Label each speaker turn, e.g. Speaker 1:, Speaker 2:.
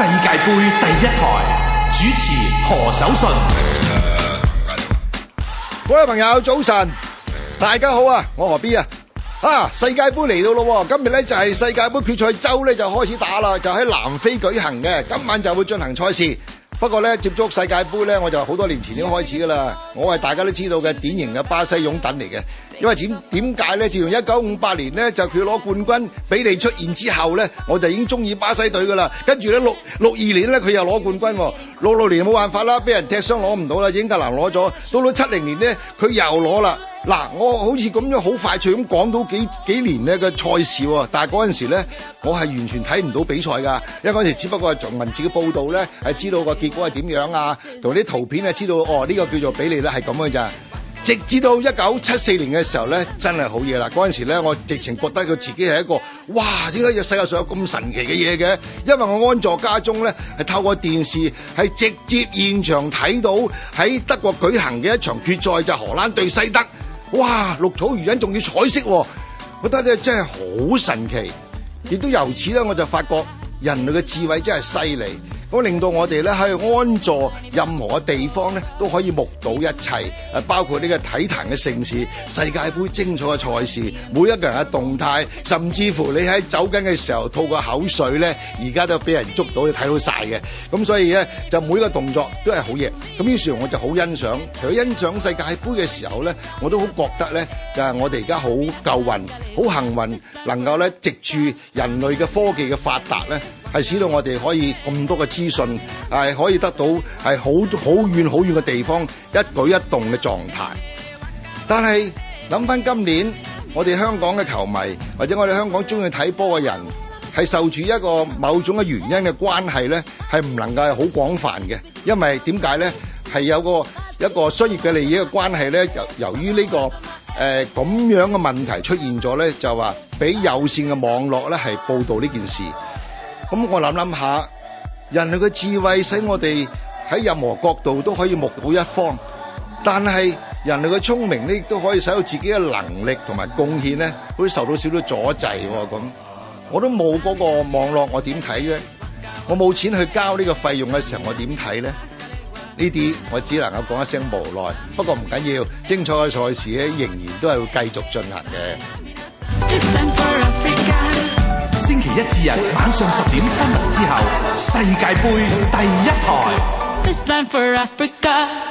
Speaker 1: 世界杯第一台主持何守信，各位、哎哎哎、朋友早晨，大家好啊，我何必啊何 B，啊世界杯嚟到咯，今日咧就係、是、世界杯決賽周咧就開始打啦，就喺南非舉行嘅，今晚就會進行賽事。不過呢，接觸世界杯呢，我就好多年前已經開始噶啦。我係大家都知道嘅典型嘅巴西擁躉嚟嘅。因為點點解呢？自從一九五八年呢，就佢攞冠軍比利出現之後呢，我就已經中意巴西隊噶啦。跟住咧六六二年咧，佢又攞冠軍。六六年冇辦法啦，俾人踢傷攞唔到啦，英格蘭攞咗。到到七零年咧，佢又攞啦。嗱，我好似咁樣好快脆咁講到幾幾年呢個賽事喎，啊，但係嗰陣時呢，我係完全睇唔到比賽㗎，因為嗰陣時只不過係做文字嘅報道呢，係知道個結果係點樣啊，同啲圖片啊知道哦呢，呢個叫做比利呢係咁嘅咋。直至到一九七四年嘅時候呢，真係好嘢啦！嗰陣時呢，我直情覺得佢自己係一個哇點解有世界上有咁神奇嘅嘢嘅，因為我安坐家中呢，係透過電視係直接現場睇到喺德國舉行嘅一場決賽就係，荷蘭對西德。哇！綠草如茵，仲要彩色哦，我覺得咧真係好神奇，亦都由此咧我就發覺人類嘅智慧真係犀利。咁令到我哋咧喺安坐任何嘅地方咧，都可以目睹一切，誒包括呢個體壇嘅盛事、世界盃精彩嘅賽事，每一個人嘅動態，甚至乎你喺走緊嘅時候吐個口水咧，而家都俾人捉到，你睇到晒嘅。咁所以咧，就每個動作都係好嘢。咁於是乎我就好欣賞，除咗欣賞世界盃嘅時候咧，我都好覺得咧，就係我哋而家好夠運，好幸運，能夠咧藉住人類嘅科技嘅發達咧，係使到我哋可以咁多嘅。資訊係可以得到係好好遠好遠嘅地方一舉一動嘅狀態，但係諗翻，今年我哋香港嘅球迷或者我哋香港中意睇波嘅人係受住一個某種嘅原因嘅關係咧，係唔能夠係好廣泛嘅，因為點解咧係有個一個商業嘅利益嘅關係咧，由由於呢個誒咁樣嘅問題出現咗咧，就話俾有線嘅網絡咧係報道呢件事，咁我諗諗下。人類嘅智慧使我哋喺任何角度都可以目睹一方，但係人類嘅聰明咧，亦都可以使到自己嘅能力同埋貢獻咧，好似受到少少阻滯喎咁。我都冇嗰個網絡，我點睇啫？我冇錢去交呢個費用嘅時候，我點睇咧？呢啲我只能夠講一聲無奈。不過唔緊要，精彩嘅賽事咧，仍然都係會繼續進行嘅。星期一至日晚上十點，新聞之後世界杯第一台。